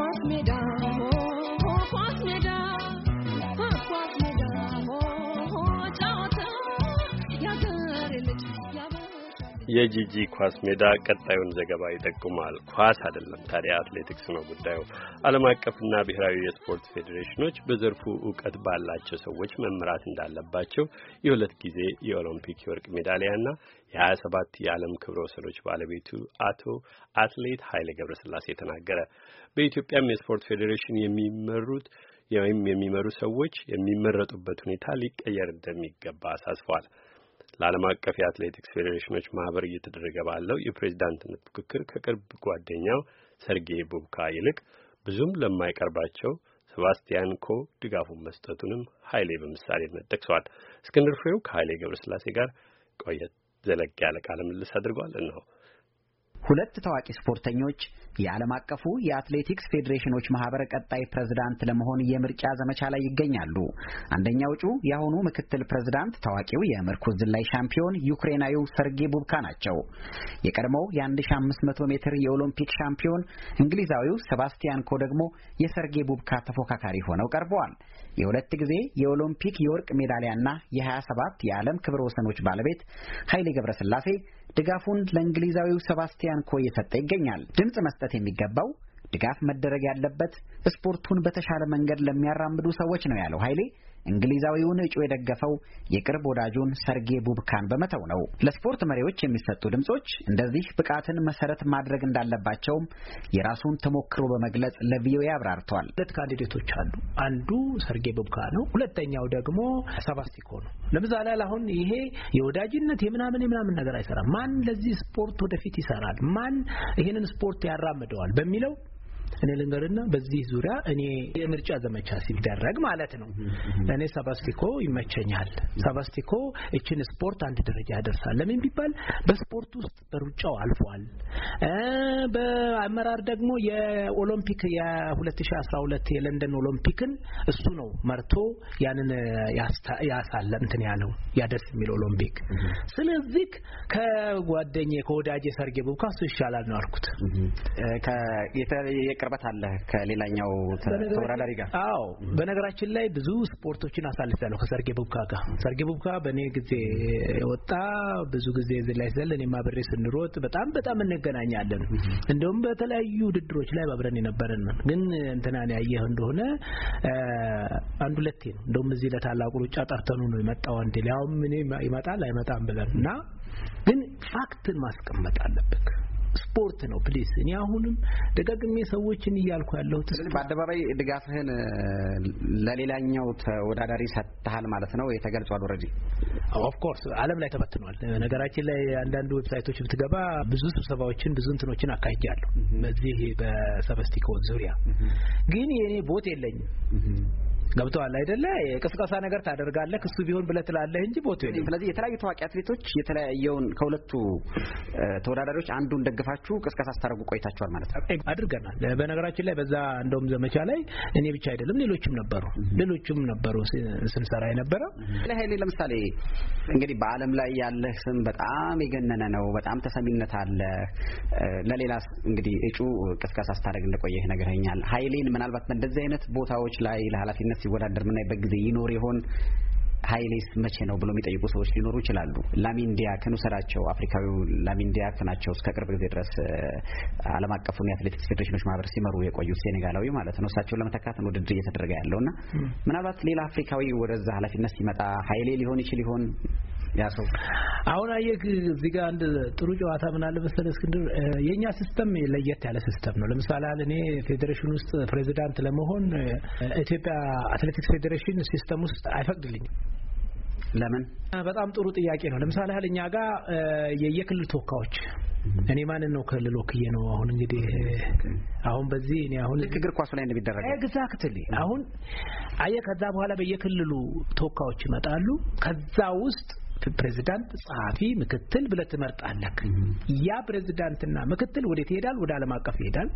cut me down. የጂጂ ኳስ ሜዳ ቀጣዩን ዘገባ ይጠቁማል። ኳስ አይደለም ታዲያ አትሌቲክስ ነው ጉዳዩ። ዓለም አቀፍና ብሔራዊ የስፖርት ፌዴሬሽኖች በዘርፉ እውቀት ባላቸው ሰዎች መምራት እንዳለባቸው የሁለት ጊዜ የኦሎምፒክ የወርቅ ሜዳሊያና የ27 የዓለም ክብረ ወሰኖች ባለቤቱ አቶ አትሌት ኃይሌ ገብረስላሴ ተናገረ። በኢትዮጵያም የስፖርት ፌዴሬሽን የሚመሩት ወይም የሚመሩ ሰዎች የሚመረጡበት ሁኔታ ሊቀየር እንደሚገባ አሳስፏል። ለዓለም አቀፍ የአትሌቲክስ ፌዴሬሽኖች ማህበር እየተደረገ ባለው የፕሬዝዳንትነት ፉክክር ከቅርብ ጓደኛው ሰርጌይ ቡብካ ይልቅ ብዙም ለማይቀርባቸው ሰባስቲያን ኮ ድጋፉን መስጠቱንም ኃይሌ በምሳሌነት ጠቅሰዋል። እስክንድር ፍሬው ከኃይሌ ገብረስላሴ ጋር ቆየት ዘለቅ ያለ ቃለ ምልልስ አድርጓል። እነሆ። ሁለት ታዋቂ ስፖርተኞች የዓለም አቀፉ የአትሌቲክስ ፌዴሬሽኖች ማህበር ቀጣይ ፕሬዝዳንት ለመሆን የምርጫ ዘመቻ ላይ ይገኛሉ። አንደኛው እጩ የአሁኑ ምክትል ፕሬዝዳንት ታዋቂው የምርኩዝ ዝላይ ሻምፒዮን ዩክሬናዊው ሰርጌ ቡብካ ናቸው። የቀድሞው የ1500 ሜትር የኦሎምፒክ ሻምፒዮን እንግሊዛዊው ሰባስቲያን ኮ ደግሞ የሰርጌ ቡብካ ተፎካካሪ ሆነው ቀርበዋል። የሁለት ጊዜ የኦሎምፒክ የወርቅ ሜዳሊያና የ27 የዓለም ክብረ ወሰኖች ባለቤት ኃይሌ ገብረስላሴ ድጋፉን ለእንግሊዛዊው ሰባስቲያን ቢያንኮ እየሰጠ ይገኛል። ድምፅ መስጠት የሚገባው ድጋፍ መደረግ ያለበት ስፖርቱን በተሻለ መንገድ ለሚያራምዱ ሰዎች ነው ያለው ኃይሌ እንግሊዛዊውን እጩ የደገፈው የቅርብ ወዳጁን ሰርጌ ቡብካን በመተው ነው። ለስፖርት መሪዎች የሚሰጡ ድምጾች እንደዚህ ብቃትን መሰረት ማድረግ እንዳለባቸውም የራሱን ተሞክሮ በመግለጽ ለቪኦኤ አብራርተዋል። ሁለት ካንዲዴቶች አሉ። አንዱ ሰርጌ ቡብካ ነው። ሁለተኛው ደግሞ ሰባስቲኮ ነው። ለምሳሌ አሁን ይሄ የወዳጅነት የምናምን የምናምን ነገር አይሰራም። ማን ለዚህ ስፖርት ወደፊት ይሰራል፣ ማን ይህንን ስፖርት ያራምደዋል በሚለው እኔ ልንገርና በዚህ ዙሪያ እኔ የምርጫ ዘመቻ ሲደረግ ማለት ነው እኔ ሰባስቲኮ ይመቸኛል። ሰባስቲኮ እችን ስፖርት አንድ ደረጃ ያደርሳል። ለምን ቢባል በስፖርት ውስጥ በሩጫው አልፏል። በአመራር ደግሞ የኦሎምፒክ የ2012 የለንደን ኦሎምፒክን እሱ ነው መርቶ ያንን ያሳለ እንትን ያለው ያደስ የሚል ኦሎምፒክ። ስለዚህ ከጓደኛዬ ከወዳጄ ሰርጌ ቡብካሱ ይሻላል ነው አልኩት። ቅርበት አለ ከሌላኛው ተወዳዳሪ ጋር። አዎ በነገራችን ላይ ብዙ ስፖርቶችን አሳልፌያለሁ ከሰርጌ ቡብካ ጋር። ሰርጌ ቡብካ በእኔ ጊዜ የወጣ ብዙ ጊዜ እዚህ ላይ ዘል እኔም አብሬ ስንሮጥ በጣም በጣም እንገናኛለን። እንደውም በተለያዩ ውድድሮች ላይ አብረን የነበረን ግን እንትናን ያየህ እንደሆነ አንድ ሁለቴ ነው እንደውም እዚህ ለታላቁ ሩጫ ጠርተኑ ነው የመጣው አንዴ። ያውም እኔ ይመጣል አይመጣም ብለን እና ግን ፋክትን ማስቀመጥ አለብን። ስፖርት ነው። ፕሊስ እኔ አሁንም ደጋግሜ ሰዎችን እያልኩ ያለሁት በአደባባይ ድጋፍህን ለሌላኛው ተወዳዳሪ ሰጥተሃል ማለት ነው የተገልጿል። ኦልሬዲ ኦፍ ኮርስ ዓለም ላይ ተበትኗል። ነገራችን ላይ አንዳንድ ዌብሳይቶች ብትገባ ብዙ ስብሰባዎችን ብዙ እንትኖችን አካሂጃለሁ በዚህ በሰበስቲኮ ዙሪያ ግን የእኔ ቦት የለኝም ገብተዋል አይደለ? የቅስቀሳ ነገር ታደርጋለህ እሱ ቢሆን ብለህ ትላለህ እንጂ ቦታ የለም። ስለዚህ የተለያዩ ታዋቂ አትሌቶች የተለያየውን ከሁለቱ ተወዳዳሪዎች አንዱን ደግፋችሁ ቅስቀሳ ስታደርጉ ቆይታችኋል ማለት ነው? አድርገናል። በነገራችን ላይ በዛ እንደውም ዘመቻ ላይ እኔ ብቻ አይደለም ሌሎችም ነበሩ ሌሎችም ነበሩ ስንሰራ የነበረ ኃይሌ ለምሳሌ እንግዲህ በዓለም ላይ ያለህ ስም በጣም የገነነ ነው። በጣም ተሰሚነት አለ። ለሌላ እንግዲህ እጩ ቅስቀሳ ስታደርግ እንደቆየህ ነግረኸኛል። ኃይሌን ምናልባት በእንደዚህ አይነት ቦታዎች ላይ ለኃላፊነት ሲወዳደር የምናይበት ጊዜ ይኖር ይሆን? ኃይሌስ መቼ ነው ብሎ የሚጠይቁ ሰዎች ሊኖሩ ይችላሉ። ላሚን ዲያክን ውሰዳቸው። አፍሪካዊው ላሚን ዲያክ ናቸው። እስከ ቅርብ ጊዜ ድረስ ዓለም አቀፉን የአትሌቲክስ ፌዴሬሽኖች ማህበር ሲመሩ የቆዩት ሴኔጋላዊ ማለት ነው። እሳቸውን ለመተካት ውድድር እየተደረገ ያለው እና ምናልባት ሌላ አፍሪካዊ ወደዛ ኃላፊነት ሲመጣ ሀይሌ ሊሆን ይችል ይሆን ያ ሰው አሁን አየህ እዚህ ጋር አንድ ጥሩ ጨዋታ ምን አለ መሰለህ እስክንድር፣ የእኛ ሲስተም ለየት ያለ ሲስተም ነው። ለምሳሌ አለ እኔ ፌዴሬሽን ውስጥ ፕሬዚዳንት ለመሆን ኢትዮጵያ አትሌቲክስ ፌዴሬሽን ሲስተም ውስጥ አይፈቅድልኝም። ለምን? በጣም ጥሩ ጥያቄ ነው። ለምሳሌ ያህል እኛ ጋር የየክልል ተወካዮች እኔ ማንን ነው ክልል ወክዬ ነው አሁን እንግዲህ አሁን በዚህ እኔ አሁን ልክ እግር ኳሱ ላይ እንደሚደረግ ኤግዛክትሊ አሁን አየህ፣ ከዛ በኋላ በየክልሉ ተወካዮች ይመጣሉ። ከዛ ውስጥ ፕሬዚዳንት፣ ጸሐፊ፣ ምክትል ብለህ ትመርጣለህ። ያ ፕሬዚዳንትና ምክትል ወዴት ይሄዳል? ወደ ዓለም አቀፍ ይሄዳል።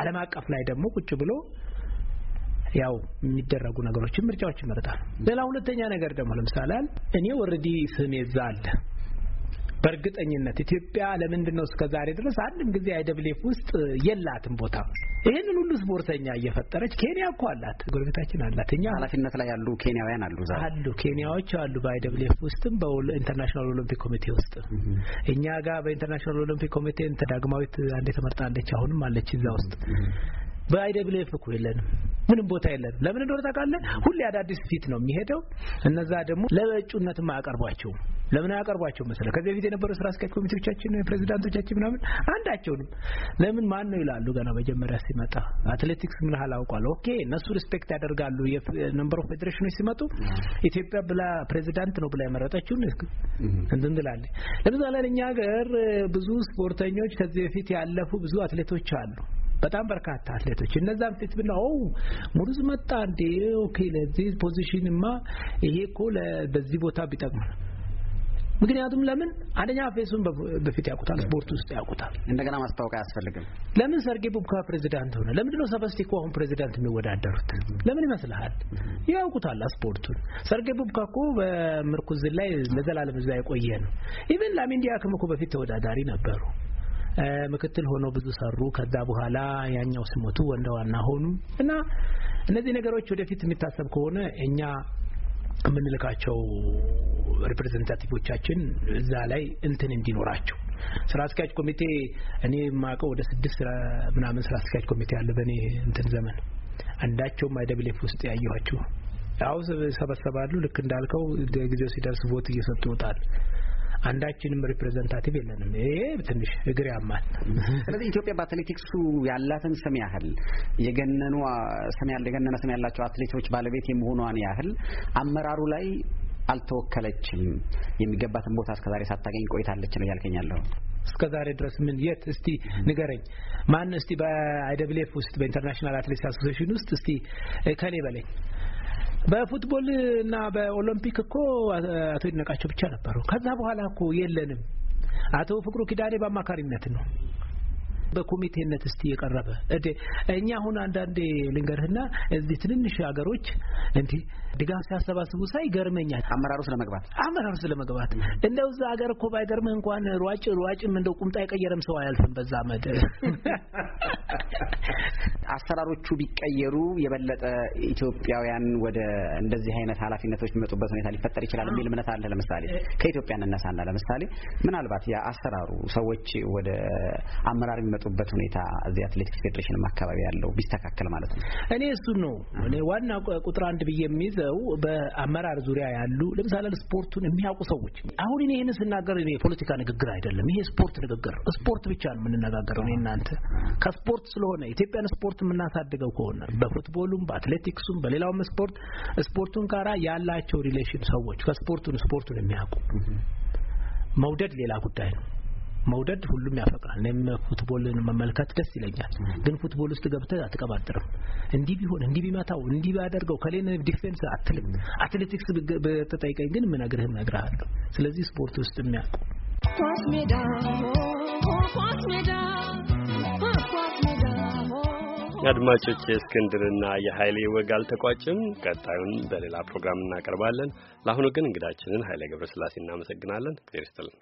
ዓለም አቀፍ ላይ ደግሞ ቁጭ ብሎ ያው የሚደረጉ ነገሮችን ምርጫዎች ይመርጣል። ሌላ ሁለተኛ ነገር ደግሞ ለምሳሌ እኔ ወረዲ ስም የዛ አለ በእርግጠኝነት ኢትዮጵያ ለምንድን ነው እስከ ዛሬ ድረስ አንድም ጊዜ አይደብሌፍ ውስጥ የላትም ቦታ ይህንን ሁሉ ስፖርተኛ እየፈጠረች ኬንያ እኮ አላት፣ ጎረቤታችን አላት። እኛ ኃላፊነት ላይ ያሉ ኬንያውያን አሉ አሉ ኬንያዎች አሉ በአይደብሊፍ ውስጥም በኢንተርናሽናል ኦሎምፒክ ኮሚቴ ውስጥ እኛ ጋር በኢንተርናሽናል ኦሎምፒክ ኮሚቴ ዳግማዊት አንዴ ተመርጣለች፣ አሁንም አለች እዛ ውስጥ። በአይደብሊፍ እኮ የለንም ምንም ቦታ የለንም። ለምን እንደሆነ ታውቃለህ? ሁሌ አዳዲስ ፊት ነው የሚሄደው። እነዛ ደግሞ ለእጩነትም አያቀርቧቸውም። ለምን አያቀርቧቸው መሰለ ከዚህ በፊት የነበረው ስራ አስኪያጅ ኮሚቴዎቻችን ፕሬዚዳንቶቻችን ምናምን አንዳቸውንም ለምን ማን ነው ይላሉ። ገና መጀመሪያ ሲመጣ አትሌቲክስ ምን ያህል አውቋል። ኦኬ እነሱ ሪስፔክት ያደርጋሉ። የነምበር ኦፍ ፌዴሬሽኖች ሲመጡ ኢትዮጵያ ብላ ፕሬዚዳንት ነው ብላ የመረጠችውን እንትን ትላለች። ለምሳሌ እኛ ሀገር ብዙ ስፖርተኞች ከዚህ በፊት ያለፉ ብዙ አትሌቶች አሉ። በጣም በርካታ አትሌቶች እነዛም ፊት ኦ ሙሩዝ መጣ እንዴ ኦኬ ለዚህ ፖዚሽንማ ይሄ እኮ ለዚህ ቦታ ቢጠቅም ምክንያቱም ለምን አንደኛ ፌሱን በፊት ያውቁታል፣ ስፖርት ውስጥ ያውቁታል። እንደገና ማስታወቂያ አያስፈልግም። ለምን ሰርጌ ቡብካ ፕሬዚዳንት ሆነ? ለምንድነው ሰበስቲኮ አሁን ፕሬዚዳንት የሚወዳደሩት? ለምን ይመስልሃል? ያውቁታል ስፖርቱን። ሰርጌ ቡብካ እኮ በምርኩዝ ላይ ለዘላለም እዛ የቆየ ነው። ኢቨን ላሚን ዲያክም እኮ በፊት ተወዳዳሪ ነበሩ። ምክትል ሆኖ ብዙ ሰሩ። ከዛ በኋላ ያኛው ስሞቱ ወንደ ዋና ሆኑ እና እነዚህ ነገሮች ወደፊት የሚታሰብ ከሆነ እኛ የምንልካቸው ሪፕሬዘንታቲቮቻችን እዛ ላይ እንትን እንዲኖራቸው ስራ አስኪያጅ ኮሚቴ እኔ የማውቀው ወደ ስድስት ምናምን ስራ አስኪያጅ ኮሚቴ አለ። በእኔ እንትን ዘመን አንዳቸውም አይደብሌፍ ውስጥ ያየኋችሁ ያው ሰበሰባሉ። ልክ እንዳልከው ጊዜው ሲደርስ ቮት እየሰጡ ይወጣል። አንዳችንም ሪፕሬዘንታቲቭ የለንም። ይሄ ትንሽ እግር ያማል። ስለዚህ ኢትዮጵያ በአትሌቲክሱ ያላትን ስም ያህል የገነኑ ስም ያለ የገነነ ስም ያላቸው አትሌቶች ባለቤት የመሆኗን ያህል አመራሩ ላይ አልተወከለችም። የሚገባትን ቦታ እስከዛሬ ሳታገኝ ቆይታለች ነው ያልከኛለሁ። እስከ ዛሬ ድረስ ምን የት እስቲ ንገረኝ። ማን እስቲ በአይደብሌፍ ውስጥ በኢንተርናሽናል አትሌቲክስ አሶሴሽን ውስጥ እስቲ ከሌ በለኝ በፉትቦል እና በኦሎምፒክ እኮ አቶ ይድነቃቸው ብቻ ነበሩ። ከዛ በኋላ እኮ የለንም። አቶ ፍቅሩ ኪዳኔ በአማካሪነት ነው በኮሚቴነት እስቲ የቀረበ እዴ እኛ አሁን አንዳንዴ ልንገርህና እዚህ ትንንሽ ሀገሮች እንዲ ድጋፍ ሲያሰባስቡ ሳይ ገርመኛ አመራሩ ስለመግባት አመራሩ ስለመግባት እንደው እዛ ሀገር እኮ ባይገርምህ እንኳን ሯጭ ሯጭም እንደው ቁምጣ የቀየረም ሰው አያልፍም በዛ መድ አሰራሮቹ ቢቀየሩ የበለጠ ኢትዮጵያውያን ወደ እንደዚህ አይነት ኃላፊነቶች የሚመጡበት ሁኔታ ሊፈጠር ይችላል የሚል እምነት አለ። ለምሳሌ ከኢትዮጵያ እንነሳና ለምሳሌ ምናልባት የአሰራሩ ሰዎች ወደ አመራር የሚመጡ የሚመጡበት ሁኔታ እዚህ አትሌቲክስ ፌዴሬሽንም አካባቢ ያለው ቢስተካከል ማለት ነው። እኔ እሱን ነው እኔ ዋና ቁጥር አንድ ብዬ የሚይዘው በአመራር ዙሪያ ያሉ ለምሳሌ ስፖርቱን የሚያውቁ ሰዎች። አሁን እኔ ይህን ስናገር እኔ የፖለቲካ ንግግር አይደለም፣ ይሄ ስፖርት ንግግር ስፖርት ብቻ ነው የምንነጋገረው። እኔ እናንተ ከስፖርት ስለሆነ ኢትዮጵያን ስፖርት የምናሳድገው ከሆነ በፉትቦሉም፣ በአትሌቲክሱም፣ በሌላውም ስፖርት ስፖርቱን ጋራ ያላቸው ሪሌሽን ሰዎች ከስፖርቱን ስፖርቱን የሚያውቁ መውደድ ሌላ ጉዳይ ነው። መውደድ ሁሉም ያፈቅራል። እኔም ፉትቦልን መመልከት ደስ ይለኛል። ግን ፉትቦል ውስጥ ገብተህ አትቀባጥርም። እንዲህ ቢሆን እንዲህ ቢመታው እንዲህ ቢያደርገው ከሌን ዲፌንስ አትልም። አትሌቲክስ በተጠይቀኝ ግን ምን እነግርሃለሁ። ስለዚህ ስፖርት ውስጥ የሚያውቁ ኳስ ሜዳ ኳስ ሜዳ አድማጮች የእስክንድርና የኃይሌ ወግ አልተቋጭም። ቀጣዩን በሌላ ፕሮግራም እናቀርባለን። ለአሁኑ ግን እንግዳችንን ኃይሌ ገብረስላሴ እናመሰግናለን። እግዜር ይስጥልን።